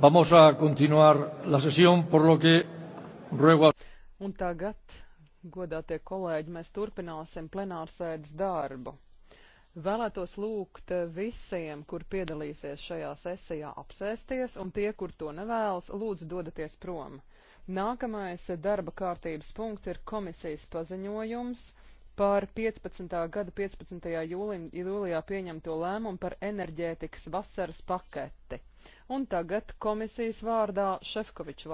Vamos a continuar la sesión, por lo que ruego a... Un tagad Godātie kolēģi, mēs turpināsim plenārsēdes darbu. Vēlētos lūgt visiem, kur piedalīsies šajā sesijā, apsēsties, un tie, kur to nevēlas, lūdzu dodaties prom. Nākamais darba kārtības punkts ir komisijas paziņojums par 15. gada 15. Jūlim, jūlijā pieņemto lēmumu par enerģētikas vasaras paketi. Un tagad komisijas vārdā Šefkoviču.